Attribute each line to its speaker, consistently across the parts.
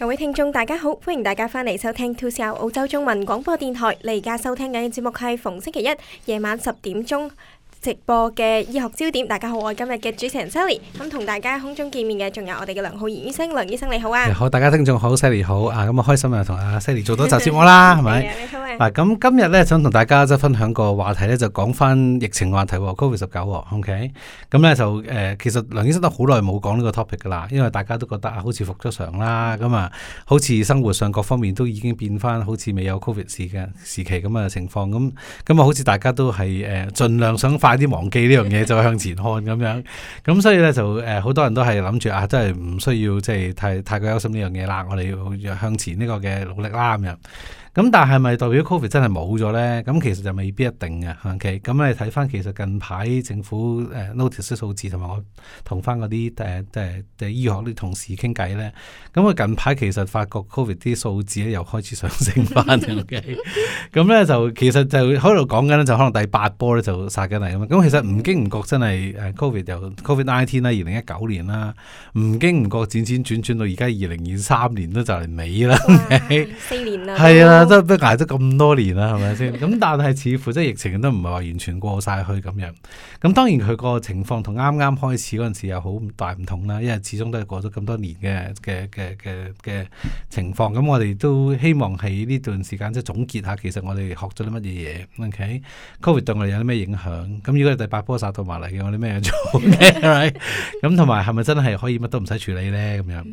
Speaker 1: 各位聽眾，大家好，歡迎大家翻嚟收聽 2CR 澳洲中文廣播電台。你而家收聽緊嘅節目係逢星期一夜晚十點鐘。直播嘅醫學焦點，大家好，我係今日嘅主持人 Sally，咁同大家空中見面嘅，仲有我哋嘅梁浩賢醫生，梁醫生你好啊！好，
Speaker 2: 大家聽眾好，Sally 好啊！咁啊開心啊，同啊 Sally 做多集節目啦，係咪？嗱，咁今日咧想同大家即分享個話題咧，就講翻疫情話題喎，COVID 十九喎，OK？咁咧就誒、呃，其實梁醫生都好耐冇講呢個 topic 噶啦，因為大家都覺得啊，好似復咗常啦，咁啊，好似生活上各方面都已經變翻，好似未有 COVID 時嘅時期咁嘅情況，咁、啊、咁、嗯、啊，好似大家都係誒盡量想快啲忘記呢樣嘢，就向前看咁樣。咁所以咧就誒，好多人都係諗住啊，真係唔需要即係太太過憂心呢樣嘢啦。我哋要向前呢個嘅努力啦咁樣。咁但係咪代表 Covid 真係冇咗咧？咁其實就未必一定嘅，OK？咁你睇翻其實近排政府誒、呃、notice 啲數字，同埋我同翻嗰啲誒誒誒醫學啲同事傾偈咧，咁啊近排其實發覺 Covid 啲數字咧又開始上升翻，OK？咁咧、 嗯嗯、就其實就喺度講緊咧，就可能第八波咧就殺緊嚟咁。咁、嗯、其實唔經唔覺真係、呃、Covid 就 Covid nineteen 啦，二零一九年啦，唔經唔覺轉轉轉轉到而家二零二三年都就嚟尾啦，四年啦，係啦。都挨咗咁多年啦，係咪先？咁但係似乎即係疫情都唔係話完全過晒去咁樣。咁當然佢個情況同啱啱開始嗰陣時又好大唔同啦，因為始終都係過咗咁多年嘅嘅嘅嘅嘅情況。咁我哋都希望喺呢段時間即係總結下，其實我哋學咗啲乜嘢嘢？Okay，COVID 對我哋有啲咩影響？咁如果係第八波殺到埋嚟嘅，我啲咩做？咁同埋係咪真係可以乜都唔使處理咧？咁樣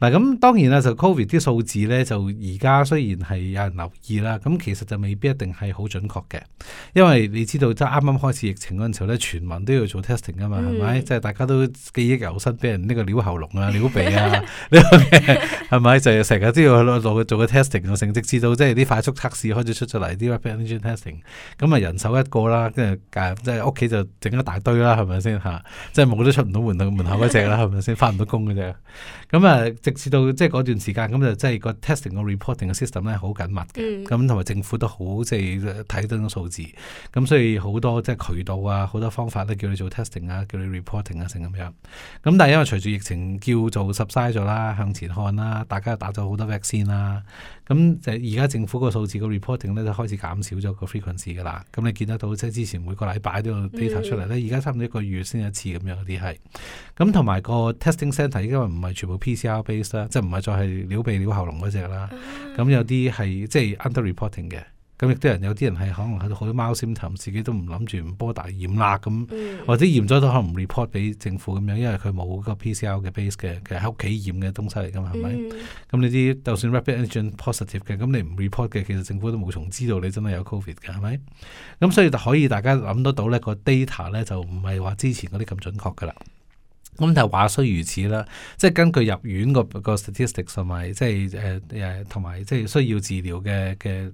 Speaker 2: 嗱，咁當然啦，COVID 數就 COVID 啲數字咧，就而家雖然係人留意啦，咁其實就未必一定係好準確嘅，因為你知道即係啱啱開始疫情嗰陣時候咧，全民都要做 testing 啊嘛，係咪、嗯？即係、就是、大家都記憶猶新，俾人呢個撩喉嚨啊、撩鼻啊呢樣嘢，係咪？ 就成、是、日都要落落去做個 testing，直至到即係啲快速測試開始出咗嚟啲 rapid antigen testing 咁啊人手一個啦，跟住即係屋企就整一大堆啦，係咪先嚇？即係冇都出唔到門， 門口門口嗰隻啦，係咪先？返唔到工嘅啫。咁啊，直至到即係嗰段時間，咁就即、是、係個 testing 個 reporting 嘅 system 咧好緊。物咁同埋政府都好即係睇到啲數字，咁、嗯、所以好多即係渠道啊，好多方法都叫你做 testing 啊，叫你 reporting 啊，成咁樣。咁但係因為隨住疫情叫做 subside 咗啦，向前看啦，大家又打咗好多 vaccine、啊、啦，咁就而家政府個數字個 reporting 咧就開始減少咗個 frequency 噶啦。咁你見得到即係之前每個禮拜都有 data 出嚟咧，而家差唔多一個月先一次咁樣嗰啲係。咁同埋個 testing center 因為唔係全部 PCR based 啦，即係唔係再係撩鼻撩喉嚨嗰隻啦，咁、嗯、有啲係。即係 underreporting 嘅，咁亦都有啲人係可能喺度好多貓 symptom，自己都唔諗住唔波大染啦咁，嗯、或者染咗都可能唔 report 俾政府咁樣，因為佢冇個 PCR 嘅 base 嘅，其實喺屋企染嘅東西嚟噶嘛，係咪？咁呢啲就算 rapid antigen positive 嘅，咁你唔 report 嘅，其實政府都冇從知道你真係有 covid 嘅，係咪？咁所以就可以大家諗得到咧，個 data 咧就唔係話之前嗰啲咁準確噶啦。咁但係話雖如此啦，即係根據入院個 statistics 同埋即係誒誒同埋即係需要治療嘅嘅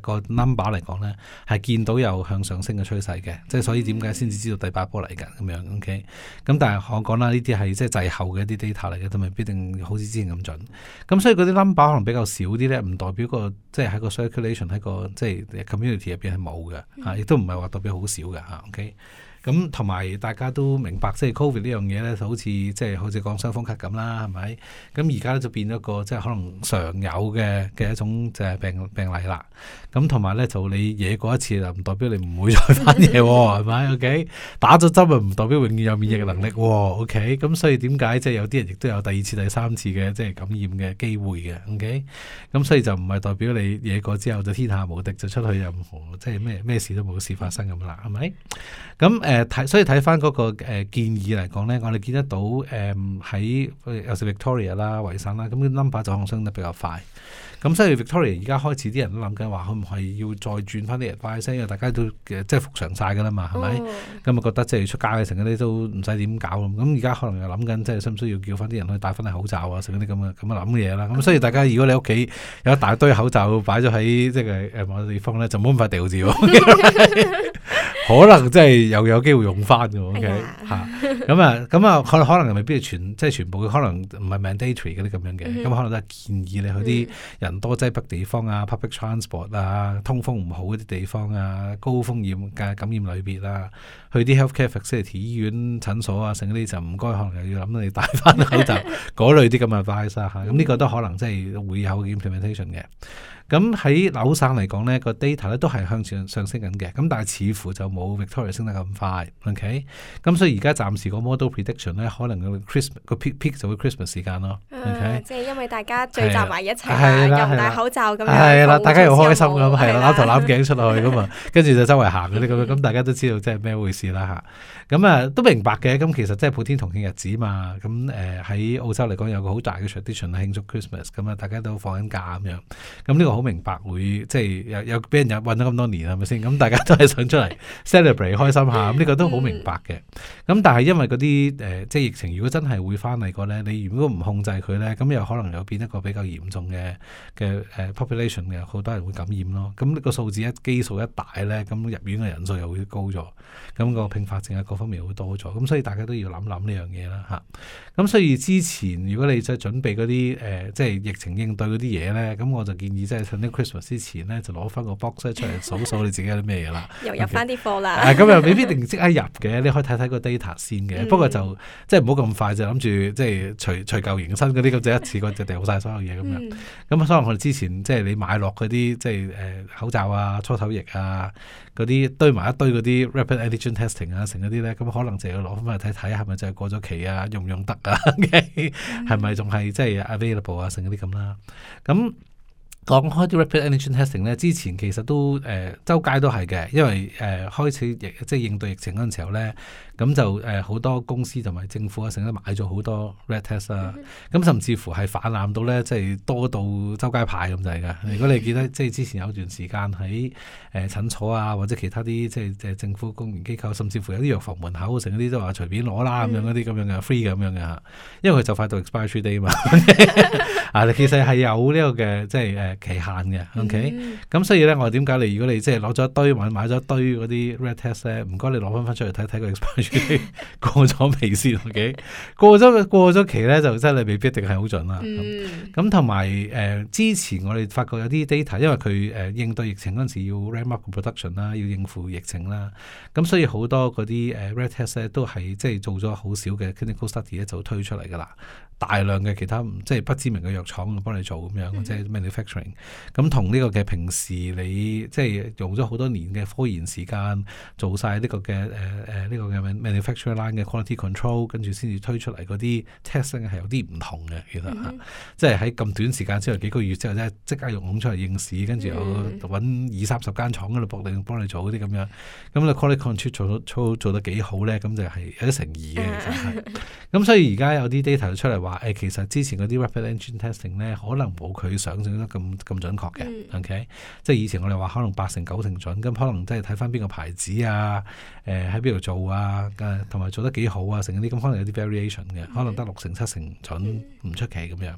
Speaker 2: 個 number 嚟講咧，係見到有向上升嘅趨勢嘅，即係所以點解先至知道第八波嚟緊咁樣？OK，咁但係我講啦，呢啲係即係滯後嘅一啲 data 嚟嘅，都未必定好似之前咁準。咁所以嗰啲 number 可能比較少啲咧，唔代表個即係喺個 circulation 喺個即係 community 入邊係冇嘅，嚇亦都唔係話代表好少嘅嚇，啊，OK。咁同埋大家都明白，即係 Covid 呢樣嘢咧，就好似即係好似講傷風咳咁啦，係咪？咁而家咧就變咗個即係可能常有嘅嘅一種即係病病例啦。咁同埋咧就你惹過一次就唔代表你唔會再翻嘢喎，係咪？OK，打咗針又唔代表永遠有免疫能力喎，OK。咁、 哦 okay? 所以點解即係有啲人亦都有第二次、第三次嘅即係感染嘅機會嘅？OK。咁、okay? 所以就唔係代表你惹過之後就天下無敵，就出去任何即係咩咩事都冇事發生咁啦，係咪？咁誒。嗯誒，睇、呃、所以睇翻嗰個誒、呃、建議嚟講咧，我哋見得到誒喺、呃呃、尤其係 Victoria 啦、維省啦，咁啲 number 就上升得比較快。咁所以 Victoria 而家開始啲人都諗緊話，可唔可以要再轉翻啲人快啲聲， 因為大家都即係復常晒噶啦嘛，係咪？咁啊覺得即係出街嘅時候，啲都唔使點搞。咁而家可能又諗緊，即係需唔需要叫翻啲人去戴翻啲口罩啊？成啲咁嘅咁嘅諗嘢啦。咁所以大家如果你屋企有一大堆口罩擺咗喺即係誒某個地方咧，就冇咁快掉住。 可能真係又有機會用翻嘅、哎、呀，OK 嚇咁啊咁啊，可可能未必全即係全部，可能唔係 mandatory 嗰啲咁樣嘅，咁可能都係建議你去啲人多擠迫地方啊、public transport、嗯、啊、通風唔好嗰啲地方啊、高風險嘅感染裏邊啊，去啲 health care facility、醫院、診所啊，剩嗰啲就唔該，可能又要諗你戴翻口罩嗰 類啲咁嘅 advice 啊，咁、啊、呢、嗯嗯、個都可能真係會有的 implementation 嘅。咁喺、嗯、紐省嚟講咧，個 data 咧都係向前上升緊嘅。咁但係似乎就冇 Victoria 升得咁快，OK？咁所以而家暫時個 model prediction 咧，可能個 Christmas 個 peak 就會 Christmas 時間咯。OK？、嗯、即係因
Speaker 1: 為大家聚集埋一齊的又唔戴口罩咁，係啦，大家好開
Speaker 2: 心咁，係啦的，攬頭攬頸出去咁啊，跟住 就周圍行嗰啲咁，咁、嗰個、大家都知道即係咩回事啦嚇。咁啊，都明白嘅。咁其實即係普天同慶日子嘛。咁誒喺澳洲嚟講有個好大嘅 tradition 慶祝 Christmas，咁啊大家都放緊假咁樣。咁呢、這個好明白，會即係有有俾人入混咗咁多年係咪先？咁，大家都係想出嚟 celebrate 開心下，咁呢個都好明白嘅。咁但係因為嗰啲誒，即係疫情，如果真係會翻嚟過咧，你如果唔控制佢咧，咁又可能有變一個比較嚴重嘅嘅誒 population 嘅，好多人會感染咯。咁呢個數字一基數一大咧，咁入院嘅人數又會高咗，咁個併發症啊，各方面又會多咗。咁所以大家都要諗諗呢樣嘢啦，吓。咁所以之前如果你再準備嗰啲誒，即係疫情應對嗰啲嘢咧，咁我就建議即係。 趁啲 Christmas 之前咧，就攞翻個 box 出嚟數數你自己，okay. 有啲咩嘢啦。又入翻啲
Speaker 1: 貨啦。咁、嗯、又、嗯、未必
Speaker 2: 定即刻入嘅，你可以睇睇個 data 先嘅。不過就即係唔好咁快就諗住即係除除舊迎新嗰啲咁，就一次過就掉晒所有嘢咁樣。咁所以我哋之前即係你買落嗰啲即係誒、呃、口罩啊、搓手液啊、嗰啲堆埋一堆嗰啲 rapid antigen testing 啊、成嗰啲咧，咁、嗯、 可能要睇睇係咪就要攞翻嚟睇睇，係咪真係過咗期啊？用唔用得啊？係咪仲係即係 available 啊？成嗰啲咁啦。咁、啊 講開啲 rapid antigen testing 咧，之前其實都誒、呃、周街都係嘅，因為誒、呃、開始疫即係應對疫情嗰陣時候咧。咁就誒好、呃、多公司同埋政府啊，成日買咗好多 red test 啊，咁、mm hmm. 嗯、甚至乎係泛濫到咧，即係多到周街派咁滯㗎。如果你記得，mm hmm. 即係之前有段時間喺誒、呃、診所啊，或者其他啲即係即係政府公營機構，甚至乎有啲藥房門口，成嗰啲都話隨便攞啦咁、mm hmm. 樣嗰啲咁樣嘅 free 咁樣嘅嚇，因為佢就快到 expiry day 嘛。Mm hmm. 啊，其實係有呢個嘅即係誒、呃、期限嘅。OK，咁所以咧，我點解你如果你即係攞咗一堆或者買咗一堆嗰啲 red test 咧，唔該你攞翻翻出嚟睇睇個 expiry。Hmm. 過咗未先？O K，過咗過咗期咧，就真係未必一定係好準啦。咁同埋誒，之前我哋發覺有啲 data，因為佢誒、呃、應對疫情嗰陣時要 ramp up production 啦，要應付疫情啦，咁所以好多嗰啲誒 red test 咧都係即係做咗好少嘅 clinical study 咧就推出嚟噶啦。大量嘅其他即係不知名嘅藥廠幫你做咁樣，嗯、即係 manufacturing。咁同呢個嘅平時你即係用咗好多年嘅科研時間做晒呢個嘅誒誒呢個嘅 manufacturing line 嘅 quality control，跟住先至推出嚟嗰啲 testing 係有啲唔同嘅。其實啊、嗯，即係喺咁短時間之後幾個月之後即係即刻用紅出嚟應市，跟住又揾二三十間廠度搏定幫你做啲咁樣，咁你、嗯、quality control 做做做得幾好咧？咁就係有啲誠
Speaker 1: 意嘅，其實係。咁、嗯
Speaker 2: 嗯嗯、所以而家有啲 data 出嚟話。誒，其實之前啲 rapid engine testing 咧，可能冇佢想象得咁咁準確嘅。嗯、O.K. 即係以前我哋話可能八成九成準，咁可能即係睇翻邊個牌子啊，誒、呃，喺邊度做啊，同埋做得幾好啊，成啲咁可能有啲 variation 嘅，可能得六成七成準唔出、嗯、奇咁樣，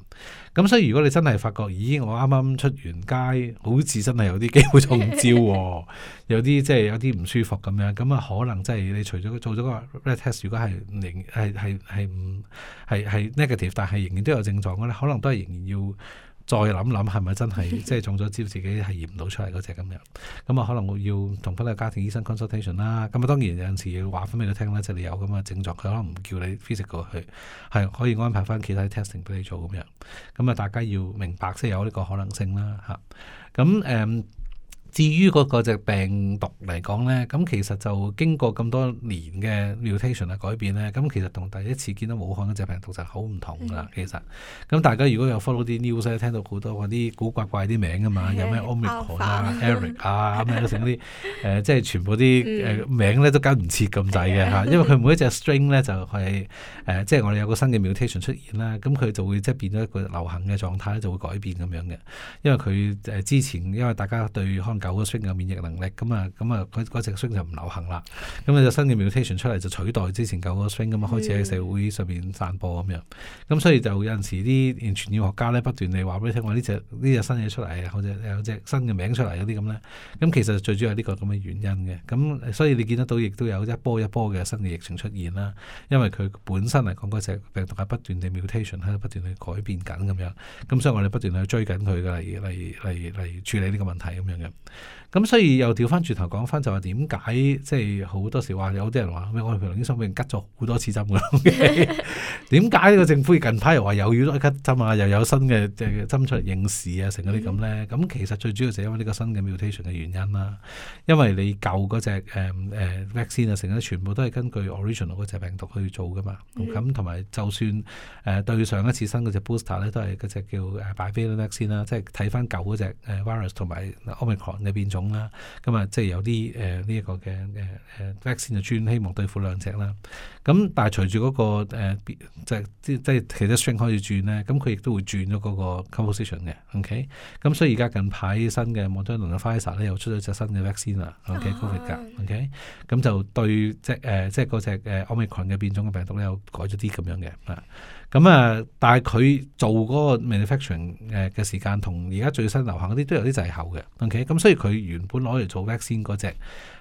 Speaker 2: 咁所以如果你真係發覺咦我啱啱出完街，好似真係有啲機會中招、啊、 有啲即係有啲唔舒服咁樣，咁啊可能即係你除咗做咗個 rapid test，如果係零係係係唔係係呢個？但係仍然都有症狀嘅咧，可能都係仍然要再諗諗，係咪真係即係中咗招，自己係驗唔到出嚟嗰隻咁樣。咁啊，可能會要同翻個家庭醫生 consultation 啦。咁啊，當然有陣時要話翻俾佢聽咧，即係你有咁嘅症狀，佢可能唔叫你 physic 過去，係可以安排翻其他 testing 俾你做咁樣。咁啊，大家要明白即係有呢個可能性啦吓？咁誒。至於嗰、那個隻、那個、病毒嚟講咧，咁其實就經過咁多年嘅 mutation 嘅改變咧，咁其實同第一次見到武漢嗰隻病毒就好唔同噶。嗯、其實，咁大家如果有 follow 啲 news 咧，聽到好多嗰啲古怪怪啲名㗎嘛，嗯、有咩 Omicron 啦、Eric 啊，咁樣嗰啲，誒、 呃、即係全部啲誒名咧都跟唔切咁滯嘅嚇，嗯、因為佢每一隻 string 咧就係誒、呃，即係我哋有個新嘅 mutation 出現啦，咁佢就會即係變咗一個流行嘅狀態就會改變咁樣嘅。因為佢誒之前，因為大家對可能。舊個 strain 嘅免疫能力，咁啊咁啊，嗰嗰隻 strain 就唔流行啦。咁啊隻新嘅 mutation 出嚟就取代之前舊個 strain 咁啊開始喺社會上面散播咁樣。咁、嗯、所以就有陣時啲傳染學家咧不斷地話俾你聽話，呢隻呢隻新嘢出嚟啊，有隻有隻新嘅名出嚟，有啲咁咧。咁其實最主要係呢個咁嘅原因嘅。咁所以你見得到亦都有一波一波嘅新嘅疫情出現啦，因為佢本身嚟講嗰隻病毒喺不斷地 mutation，喺不斷去改變緊咁樣。咁所以我哋不斷去追緊佢嘅，例如例例如嚟處理呢個問題咁樣嘅。咁所以又調翻轉頭講翻，就話點解即係好多時話有啲人話咩？我哋平生病，俾人吉咗好多次針嘅，點解呢個政府近排又話又要多吉針啊？又有新嘅針出嚟應試啊，成嗰啲咁咧？咁其實最主要就因為呢個新嘅 mutation 嘅原因啦、啊。因為你舊嗰隻誒誒 vaccine 啊，成日啲全部都係根據 original 嗰隻病毒去做嘅嘛。咁同埋就算誒對上一次新嗰隻 booster 咧，都係嗰隻叫誒 bivalent vaccine 啦，即係睇翻舊嗰隻 virus 同埋嘅變種啦，咁、嗯、啊即係有啲誒呢一個嘅誒誒、呃、vaccine 就轉，希望對付兩隻啦。咁、嗯、但係隨住嗰、那個誒、呃就是、即係即係其他 strain 開始轉咧，咁佢亦都會轉咗嗰個 composition 嘅。OK，咁、嗯、所以而家近排新嘅莫德納同 Pfizer 咧又出咗隻新嘅 vaccine 啦。OK，COVID。OK，咁、嗯、就對即係誒、呃、即係嗰隻誒 omicron 嘅變種嘅病毒咧，又改咗啲咁樣嘅啊。咁啊、嗯，但係佢做嗰個 manufacturing 誒嘅時間，同而家最新流行嗰啲都有啲滯後嘅，OK？咁、嗯、所以佢原本攞嚟做 vaccine c、那、嗰、個、隻。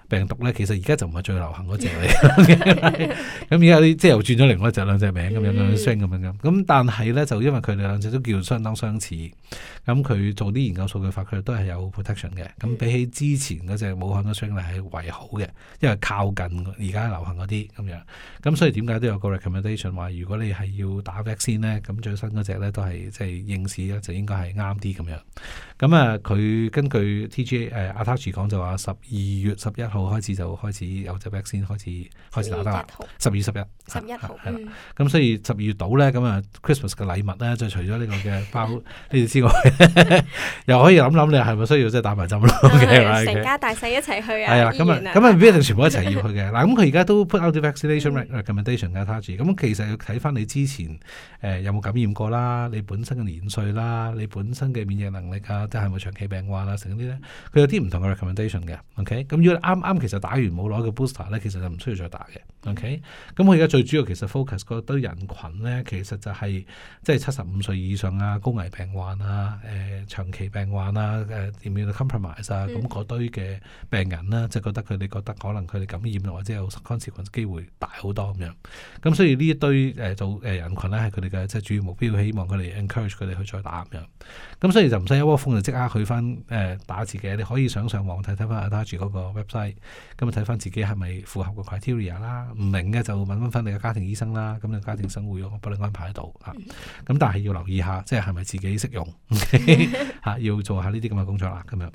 Speaker 2: 病毒咧，其實而家就唔係最流行嗰隻嚟，咁而家啲即係又轉咗另外一隻兩隻名咁樣咁樣聲咁樣咁，咁 但係咧就因為佢哋兩隻都叫相當相似，咁佢做啲研究數據發，佢都係有 protection 嘅，咁比起之前嗰隻武漢嗰升咧係為好嘅，因為靠近而家流行嗰啲咁樣，咁所以點解都有個 recommendation 話如果你係要先打疫苗咧，咁最新嗰隻咧都係即係應試咧就應該係啱啲咁樣，咁啊佢根據 TGA 阿、啊、Tosh 講就話十二月十一。號開始就開始有隻 vac 先開始開始打得啦，十月十一，十一號，咁所以十二月到咧，咁啊 Christmas 嘅禮物咧，就除咗呢個嘅包，呢啲之外，又可以諗諗，你係咪需要即係打埋針咯？成家大細一齊去啊，
Speaker 1: 係啊，咁啊咁啊，全部一齊要去
Speaker 2: 嘅嗱，咁佢而家都 put out the vaccination recommendation 嘅 tage，咁其實要睇翻你之前誒有冇感染過啦，你本身嘅年歲啦，你本身嘅免疫能力啊，即係有冇長期病患啦，成啲咧，佢有啲唔同嘅 recommendation 嘅，OK，咁要啱。啱，其實打完冇攞嘅 booster 咧，其實就唔需要再打嘅。嗯、OK，咁我而家最主要其實 focus 嗰堆人群咧，其實就係即係七十五歲以上啊、高危病患啊、誒、呃、長期病患啊、誒點樣 compromise 啊，咁嗰、嗯、堆嘅病人啦，即係覺得佢哋覺得可能佢哋感染或者有 c r o 康復機會大好多咁樣。咁所以呢一堆誒組誒人群咧，係佢哋嘅即係主要目標，希望佢哋 encourage 佢哋去再打咁樣。咁、嗯、所以就唔使一窩蜂就即刻去翻誒、呃、打字嘅，你可以上上網睇睇翻阿 Doctor 嗰個 website，咁啊睇翻自己係咪符合個 criteria 啦？唔明嘅就問翻翻你嘅家庭醫生啦，咁嘅家庭生活我幫你安排得到啊，咁、嗯嗯嗯嗯、但係要留意下，即係係咪自己適用嚇， 要做下呢啲咁嘅工作啦，咁樣。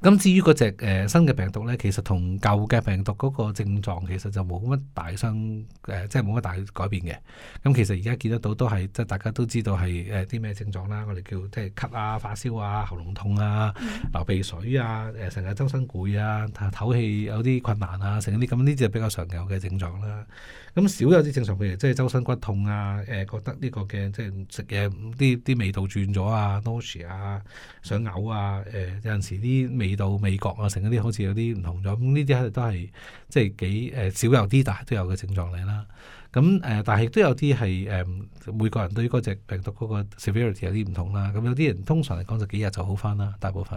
Speaker 2: 咁至於嗰隻誒新嘅病毒咧，其實同舊嘅病毒嗰個症狀其實就冇乜大生誒、呃，即係冇乜大改變嘅。咁、嗯、其實而家見得到都係即係大家都知道係誒啲咩症狀啦。我哋叫即係咳啊、發燒啊、喉嚨痛啊、流鼻水啊、誒成日周身攰啊、唞氣有啲困難啊，成啲咁呢啲就比較常有嘅症狀啦。咁、嗯、少有啲症狀，譬如即係周身骨痛啊、誒、呃、覺得呢個嘅即係食嘢啲啲味道轉咗啊、nauseous 啊、想嘔啊、誒有陣時啲。味道、味覺啊，成嗰啲好似有啲唔同咗，咁呢啲係都係即係幾誒、呃、少有啲，但係都有嘅症狀嚟啦。咁誒、嗯，但係亦都有啲係誒，每個人對於嗰隻病毒嗰個 severity 有啲唔同啦。咁、嗯、有啲人通常嚟講就幾日就好返啦，大部分。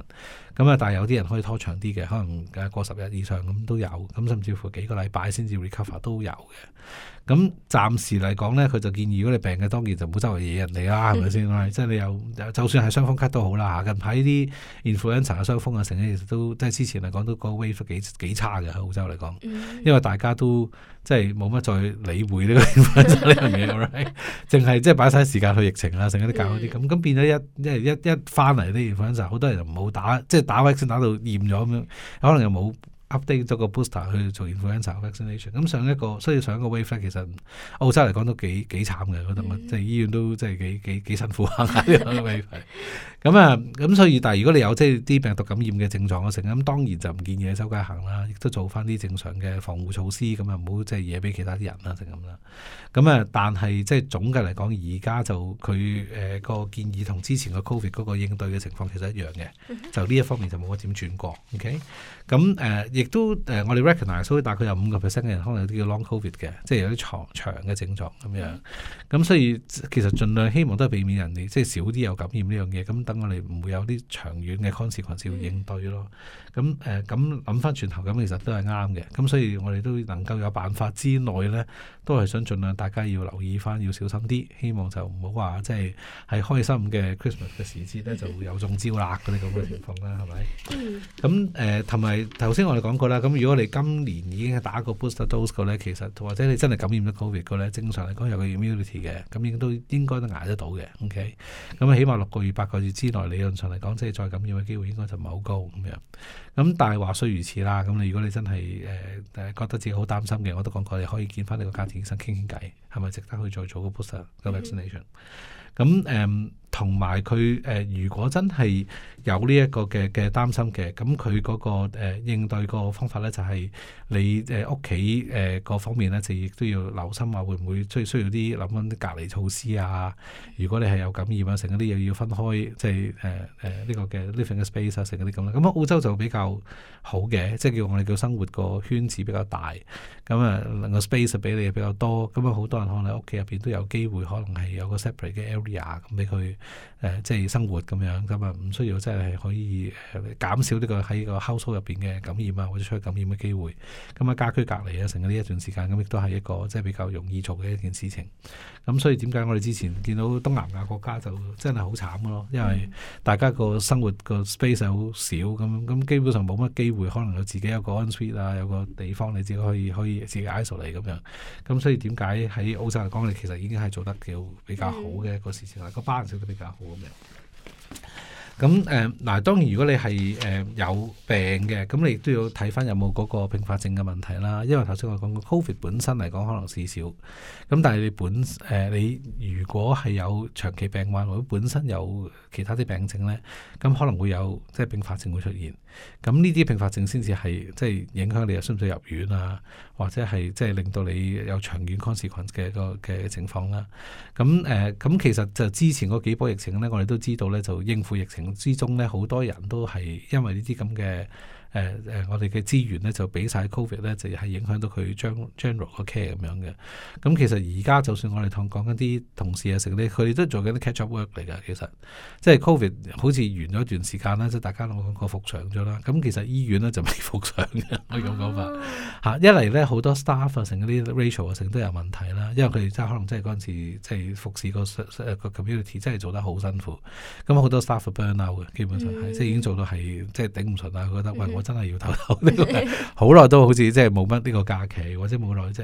Speaker 2: 咁、嗯、啊，但係有啲人可以拖長啲嘅，可能誒過十日以上咁、嗯、都有。咁、嗯、甚至乎幾個禮拜先至 recover 都有嘅。咁、嗯、暫時嚟講咧，佢就建議如果你病嘅，當然就唔好周圍惹人哋啦、啊，係咪先？即係、就是、你又就算係傷風咳都好啦。嚇，近排呢啲 influenza 嘅傷風啊，成日其實都即係之前嚟講都個 wave 幾幾差嘅喺澳洲嚟講，嗯嗯、因為大家都即係冇乜再理會。呢個淨係即係擺晒時間去疫情啦、啊，成日都搞嗰啲咁，咁變咗一即係一一翻嚟呢個 influenza，好多人又冇打，即係打 vax 先打到厭咗咁樣，可能又冇 update 咗個 booster 去做 Influenza vaccination。咁上一個，所以上一個 wave 咧，其實澳洲嚟講都幾幾慘嘅，我覺得，嗯、即係醫院都真係幾幾幾辛苦啊。 咁啊，咁、嗯嗯、所以，但係如果你有即係啲病毒感染嘅症狀嘅時候，咁當然就唔建議你周街行啦，亦都做翻啲正常嘅防護措施，咁啊唔好即係惹俾其他啲人啦，就咁啦。咁啊，但係即係總嘅嚟講，而家就佢誒個建議同之前嘅 Covid 嗰個應對嘅情況其實一樣嘅，就呢一方面就冇乜點轉過。OK，咁誒亦都誒、呃、我哋 recognize 到大概有五個 percent 嘅人可能有啲叫 long Covid 嘅，即係有啲長長嘅症狀咁樣。咁、嗯、所以其實儘量希望都係避免人哋即係少啲有感染呢樣嘢。咁我哋唔會有啲長遠嘅 consequence 要、嗯、應對咯。咁、嗯、誒，咁諗翻轉頭，咁其實都係啱嘅。咁、嗯、所以，我哋都能夠有辦法之內咧，都係想盡量大家要留意翻，要小心啲。希望就唔好話即係喺開心嘅 Christmas 嘅時節咧，就會有中招啦嗰啲咁嘅情況啦，係咪？咁誒、嗯，同埋頭先我哋講過啦。咁、嗯、如果你今年已經打過 booster dose 嘅咧，其實或者你真係感染咗 Covid 嘅咧，正常嚟講有個 immunity 嘅，咁應都應該都捱得到嘅。OK，咁、嗯、起碼六個月、八個月。之內理論上嚟講，即係再感染嘅機會應該就唔係好高咁樣。咁但係話雖如此啦，咁你如果你真係誒誒覺得自己好擔心嘅，我都講過你可以見翻你個家庭醫生傾傾偈，係咪值得去再做個 booster 個 vaccination？咁誒。Hmm. 同埋佢誒，如果真係有呢一個嘅嘅擔心嘅，咁佢嗰個誒應對個方法咧，就係你誒屋企誒各方面咧，就亦都要留心話，會唔會需需要啲諗緊啲隔離措施啊？如果你係有感染啊，成嗰啲又要分開，即係誒誒呢個嘅 living 嘅 space 啊，成嗰啲咁啦。咁啊，澳洲就比較好嘅，即係叫我哋叫生活個圈子比較大，咁啊能夠 space 俾你比較多，咁啊好多人可能喺屋企入邊都有機會可能係有個 separate 嘅 area 咁俾佢。誒、呃，即係生活咁樣，咁啊唔需要即係可以減少呢個喺個 household 入邊嘅感染啊，或者出去感染嘅機會。咁啊家居隔離啊，成日呢一段時間，咁、嗯、亦都係一個即係比較容易做嘅一件事情。咁、嗯、所以點解我哋之前見到東南亞國家就真係好慘咯，因為大家個生活個 space 好少，咁咁基本上冇乜機會，可能有自己有個 ensuite 啊，有個地方你自己可以可以自己 isolate 咁樣。咁、嗯嗯、所以點解喺澳洲嚟講，其實已經係做得比較好嘅一個事情啦，嗯比較好咁樣。咁誒，嗱、呃，當然如果你係誒、呃、有病嘅，咁你亦都要睇翻有冇嗰個併發症嘅問題啦。因為頭先我講過，Covid 本身嚟講可能事少，咁但係你本誒、呃、你如果係有長期病患或者本身有。其他啲病症咧，咁可能會有即係併發症會出現，咁呢啲併發症先至係即係影響你又需唔需要入院啊，或者係即係令到你有長遠 consequence 嘅個嘅情況啦。咁誒，咁其實就之前嗰幾波疫情咧，我哋都知道咧，就應付疫情之中咧，好多人都係因為呢啲咁嘅。誒誒、呃呃，我哋嘅資源咧就俾晒 covid 咧就係、是、影響到佢 general gen 個 care 咁樣嘅。咁、嗯、其實而家就算我哋同講緊啲同事啊，成啲佢哋都做緊啲 catch-up work 嚟㗎。其實即係 covid 好似完咗一段時間啦，即係大家攞個復常咗啦。咁、嗯、其實醫院咧就未復常嘅。我可以咁講法嚇、uh huh。啊，一嚟咧好多 staff 啊、成嗰啲 ratio 啊成都有問題啦，因為佢哋真係、mm hmm。可能、就是呃、真係嗰陣時即係服侍個個 community 真係做得好辛苦。咁、嗯、好多 staff burn out 嘅，基本上係、mm hmm。即係已經做到係即係頂唔順啦。覺得喂我、mm hmm. 真係要唞唞，呢個，好耐都好似即係冇乜呢個假期，或者冇耐即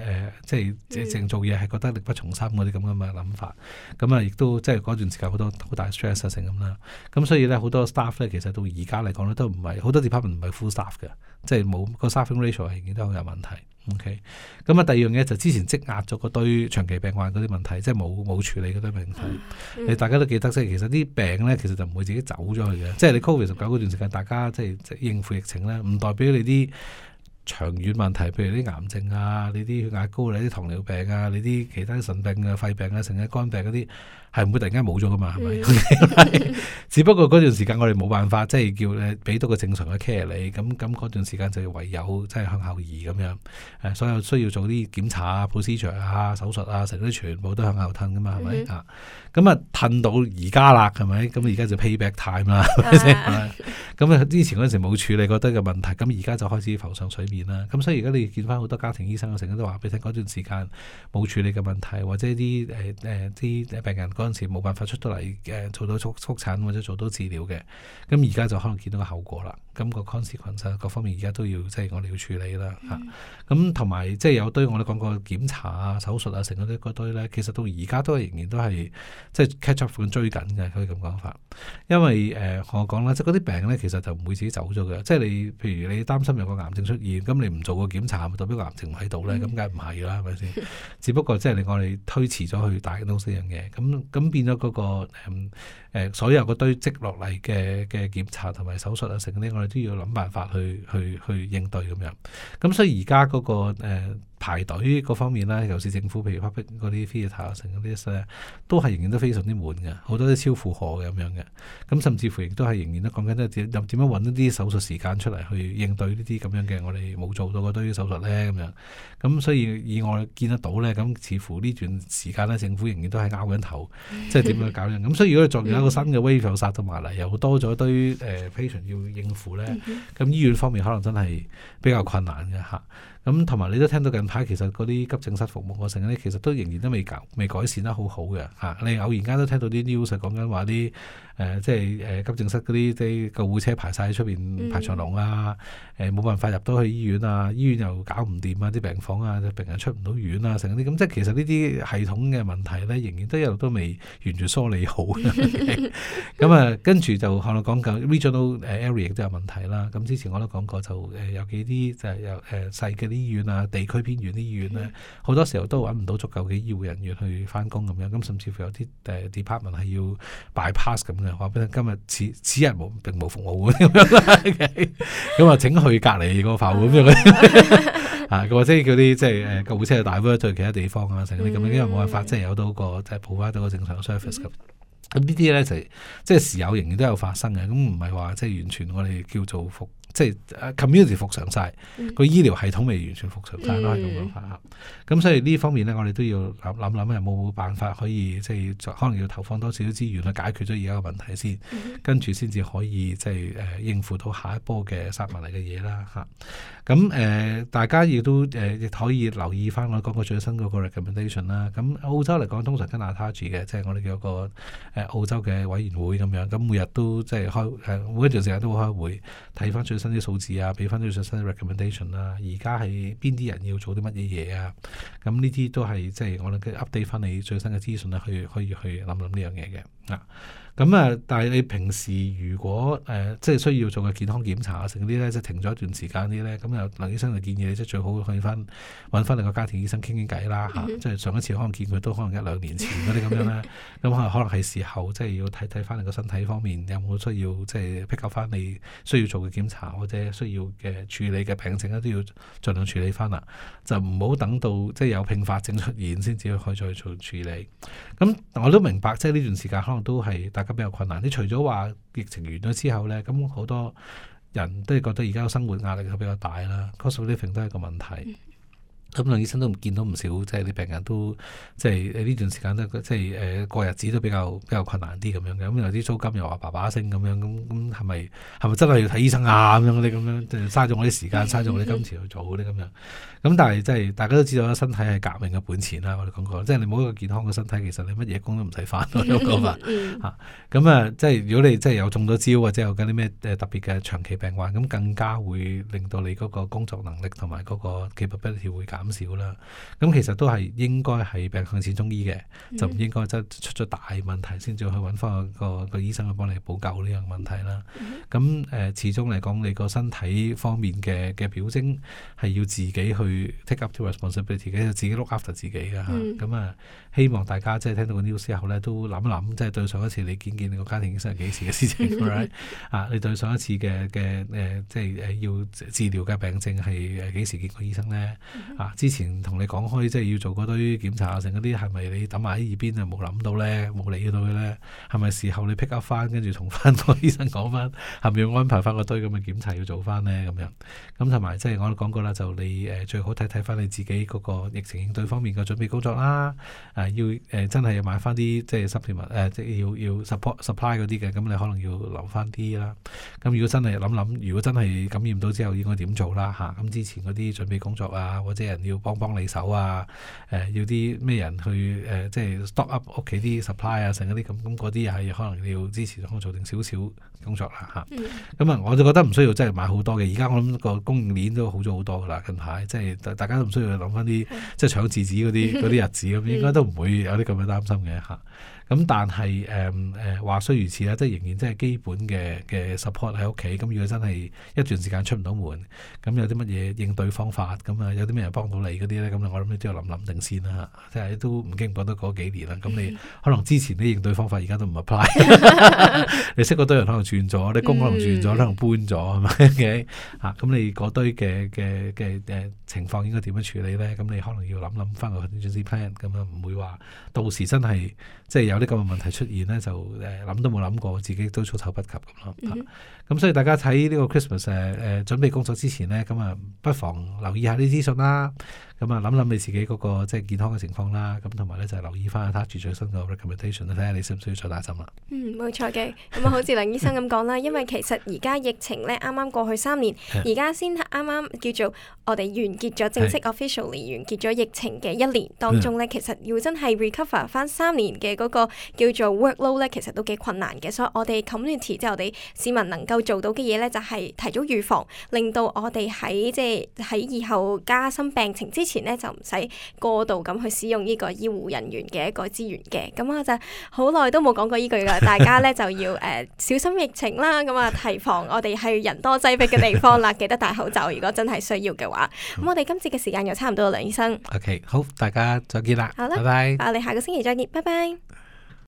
Speaker 2: 係即係正做嘢，係覺得力不從心嗰啲咁嘅諗法。咁啊，亦都即係嗰段時間好多好大 stress 性咁啦。咁所以咧，好多 staff 咧，其實到而家嚟講咧，都唔係好多 department 唔係 full staff 嘅，即係冇個 staffing ratio 係已經都好有問題。O.K.，咁啊，第二樣嘢就之前積壓咗個堆長期病患嗰啲問題，即係冇冇處理嗰堆病。嗯、你大家都記得即係，其實啲病咧，其實就唔會自己走咗去嘅。即係你 Covid 十九嗰段時間，大家即係即係應付疫情咧，唔代表你啲長遠問題，譬如啲癌症啊，你啲血壓高啊，啲糖尿病啊，你啲其他啲腎病啊、肺病啊、成日肝病嗰啲。係唔會突然間冇咗噶嘛？係咪？嗯、 只不過嗰段時間我哋冇辦法，即係叫誒俾到個正常嘅 care 你。咁咁嗰段時間就唯有即係向後移咁樣。誒，所有需要做啲檢查啊、procedure 啊、手術啊，成啲全部都向後褪噶嘛？係咪啊？咁啊褪到而家啦，係咪？咁而家就 pay back time 啦，係咪先？咁啊， 之前嗰陣時冇處理，覺得嘅問題，咁而家就開始浮上水面啦。咁所以而家你見翻好多家庭醫生，成日都話俾你聽，其實嗰段時間冇處理嘅問題，或者啲誒誒啲病人。嗰陣時冇辦法出到嚟，誒做到覆覆診或者做到治療嘅，咁而家就可能見到個後果啦。咁個 consequence 各方面而家都要即係、就是、我哋要處理啦嚇。咁同埋即係有，有堆我哋講過檢查啊、手術啊、成嗰堆嗰堆咧，其實到而家都仍然都係即係 catch up 緊追緊嘅，可以咁講法。因為誒、呃，我講啦，即係嗰啲病咧，其實就唔會自己走咗嘅。即、就、係、是、你譬如你擔心有個癌症出現，咁你唔做個檢查，咪代表癌症唔喺度咧，咁梗係唔係啦？係咪先？ 只不過即係你我哋推遲咗去大嘅嗰四樣嘢。咁咁變咗嗰、那個、嗯呃、所有嗰堆積落嚟嘅嘅檢查同埋手術啊，成嗰啲我哋。都要諗辦法去去去應對咁樣，咁所以而家嗰個誒。呃排隊嗰方面咧，尤其是政府譬如嗰啲飛塔成嗰啲咧，都係仍然都非常之滿嘅，好多都超負荷嘅咁樣嘅。咁甚至乎亦都係仍然都講緊即係點又點樣揾一啲手術時間出嚟去應對呢啲咁樣嘅我哋冇做到嗰堆手術咧咁樣。咁所以以我見得到咧，咁似乎呢段時間咧，政府仍然都係拗緊頭，即係點樣搞人。咁 所以如果作再一個新嘅 wave 殺到埋嚟，又多咗堆誒、呃、patient 要應付咧，咁醫院方面可能真係比較困難嘅嚇。咁同埋你都聽到近排其實嗰啲急症室服務我成日咧，其實都仍然都未搞未改善得好好嘅嚇。你偶然間都聽到啲 news 講緊話啲誒，即係誒急症室嗰啲即係救護車排晒喺出邊排長龍啊！誒、呃、冇辦法入到去醫院啊，醫院又搞唔掂啊，啲病房啊病人出唔到院啊等等，成嗰啲咁即係其實呢啲系統嘅問題咧，仍然都一路都未完全梳理好、 嗯。咁啊，跟住就可能講緊 regional area 都有問題啦。咁之前我都講過就誒有幾啲就係、是、有誒、uh, 細嘅啲。醫院啊，地區偏遠啲醫院咧，好多時候都揾唔到足夠嘅醫護人員去翻工咁樣，咁甚至乎有啲、uh, department 係要 bypass 咁嘅，話畀你今日此此日無並無服務咁樣啦，咁啊 請去隔籬嗰個排位咁樣或者嗰啲即係救護車 divert 去其他地方啊，成咁樣，因為冇辦法，即係有到個即係補翻到個正常嘅 service 咁。咁呢啲咧就即、是、係、就是、時有，仍然都有發生嘅，咁唔係話即係完全我哋叫做服。即係 community 覆常晒個醫療系統未完全覆常曬，啦咁樣吓咁、嗯、所以呢方面咧，我哋都要諗諗，想想有冇辦法可以即係可能要投放多少資源去解決咗而家嘅問題先，跟住先至可以即係誒、啊、應付到下一波嘅殺埋嚟嘅嘢啦吓，咁、啊、誒、啊、大家亦都誒亦、啊、可以留意翻我講過最新嗰個 recommendation 啦。咁、啊、澳洲嚟講通常跟阿塔住嘅，即係我哋叫個誒澳洲嘅委員會咁樣，咁每日都即係開誒，每、啊、每一段時間都會開會睇翻最。新啲數字啊，俾翻最新嘅 recommendation 啦、啊，而家係邊啲人要做啲乜嘢嘢啊？咁呢啲都係即係我哋 update 翻你最新嘅資訊啦，可以可以去諗諗呢樣嘢嘅啊。咁啊、嗯！但係你平時如果誒、呃，即係需要做嘅健康檢查啊，剩啲咧，即係停咗一段時間啲咧，咁又林醫生就建議你即係最好去翻揾翻你個家庭醫生傾傾偈啦吓、mm hmm. 啊，即係上一次可能見佢都可能一兩年前嗰啲咁樣咧，咁 可能可能係時候即係要睇睇翻你個身體方面有冇需要即係批夾翻你需要做嘅檢查或者需要嘅處理嘅病症咧，都要盡量處理翻啦，就唔好等到即係有併發症出現先至可以再做處理。咁、嗯、我都明白，即係呢段時間可能都係。咁比較困難，你除咗話疫情完咗之後咧，咁好多人都係覺得而家生活壓力係比較大啦，cost of living 都係一個問題。咁梁、嗯、醫生都唔見到唔少，即係啲病人都即係呢段時間都即係誒過日子都比較比較困難啲咁樣嘅。咁有啲租金又話爸爸升，咁樣，咁咁係咪係咪真係要睇醫生啊？咁樣嗰啲咁樣，就嘥、是、咗我啲時間，嘥咗我啲金錢去做嗰啲咁樣。咁但係即係大家都知道，身體係革命嘅本錢啦。我哋講過，即係你冇一個健康嘅身體，其實你乜嘢工都唔使返。我有個嘛咁啊，嗯、即係如果你真係有中咗招或者有嗰啲咩特別嘅長期病患，咁更加會令到你嗰個工作能力同埋嗰個減少啦，咁、嗯、其實都係應該係病向淺中醫嘅，就唔應該即出咗大問題先至去揾翻個個醫生去幫你補救呢樣問題啦。咁誒、嗯，始終嚟講，你個身體方面嘅嘅表徵係要自己去 take up the responsibility，自己 look after 自己噶吓。咁啊、嗯。嗯希望大家即係聽到個 news 之後咧，都諗一諗，即係對上一次你見見你個家庭醫生係幾時嘅事情，啊？ right? uh, 你對上一次嘅嘅誒，即係誒要治療嘅病症係誒幾時見過醫生咧？啊、uh，之前同你講開，即係要做嗰堆檢查啊，剩嗰啲係咪你抌埋喺耳邊啊，冇諗到咧，冇理到嘅咧？係咪時候你 pick up 翻，跟住同翻個醫生講翻，係咪要安排翻個堆咁嘅檢查要做翻咧？咁樣咁同埋即係我哋講過啦，就你誒最好睇睇翻你自己嗰個疫情應對方面嘅準備工作啦，要誒真係要買翻啲即係 supplement 即係要要 support supply 嗰啲嘅，咁你可能要留翻啲啦。咁如果真係諗諗，如果真係感染到之後應該點做啦？吓、啊，咁、嗯、之前嗰啲準備工作啊，或者人要幫幫你手啊，誒、啊、要啲咩人去誒、呃、即係 stock up 屋企啲 supply 啊，成嗰啲咁咁嗰啲又係可能你要之前可能做定少少工作啦吓，咁啊，啊嗯、我就覺得唔需要真係買好多嘅。而家我諗個供應鏈都好咗好多噶啦，近排即係大家都唔需要諗翻啲即係搶廁紙嗰啲啲日子咁，嗯、應該都。唔會有啲咁嘅擔心嘅吓。 咁但係誒誒話雖如此啦，即係仍然即係基本嘅嘅 support 喺屋企。咁如果真係一段時間出唔到門，咁有啲乜嘢應對方法？咁啊有啲咩人幫到你嗰啲咧？咁我諗你都要諗諗定先啦。即係都唔經唔覺得嗰幾年啦。咁你可能之前啲應對方法而家都唔 apply、嗯。 你識嗰堆人可能轉咗，你工可能轉咗，可能搬咗係咪？嚇咁 你嗰堆嘅嘅嘅誒情況應該點樣處理咧？咁你可能要諗諗翻個 emergency plan 咁啊，唔會話到時真係即係有。呢個問題出現咧，就誒諗都冇諗過，自己都措手不及咁咯。咁、mm hmm. 啊嗯、所以大家睇呢個 Christmas 誒、呃、誒準備工作之前咧，咁、嗯、啊不妨留意下啲資訊啦。咁啊，諗諗你自己嗰個即係健康嘅情況啦，咁同埋咧就係留意翻，睇住最新嘅 recommendation，睇下你需唔需要再打針啦。嗯，
Speaker 1: 冇錯嘅。咁啊，好似梁醫生咁講啦， 因為其實而家疫情咧啱啱過去三年，而家先啱啱叫做我哋完結咗正式 officially 完結咗疫情嘅一年 當中咧，其實要真係 recover 翻三年嘅嗰個叫做 workload 咧，其實都幾困難嘅。所以我哋 community 即係我哋市民能夠做到嘅嘢咧，就係、是、提早預防，令到我哋喺即係喺以後加深病情之前。前咧就唔使過度咁去使用呢個醫護人員嘅一個資源嘅，咁我就好耐都冇講過呢句噶， 大家咧就要誒、呃、小心疫情啦，咁啊提防我哋係人多擠迫嘅地方啦， 記得戴口罩，如果真係需要嘅話，咁 我哋今次嘅時間又差唔多啦，梁醫生。
Speaker 2: OK，好，大家再見啦，好啦，拜拜
Speaker 1: bye，我哋下個星期再見，拜拜。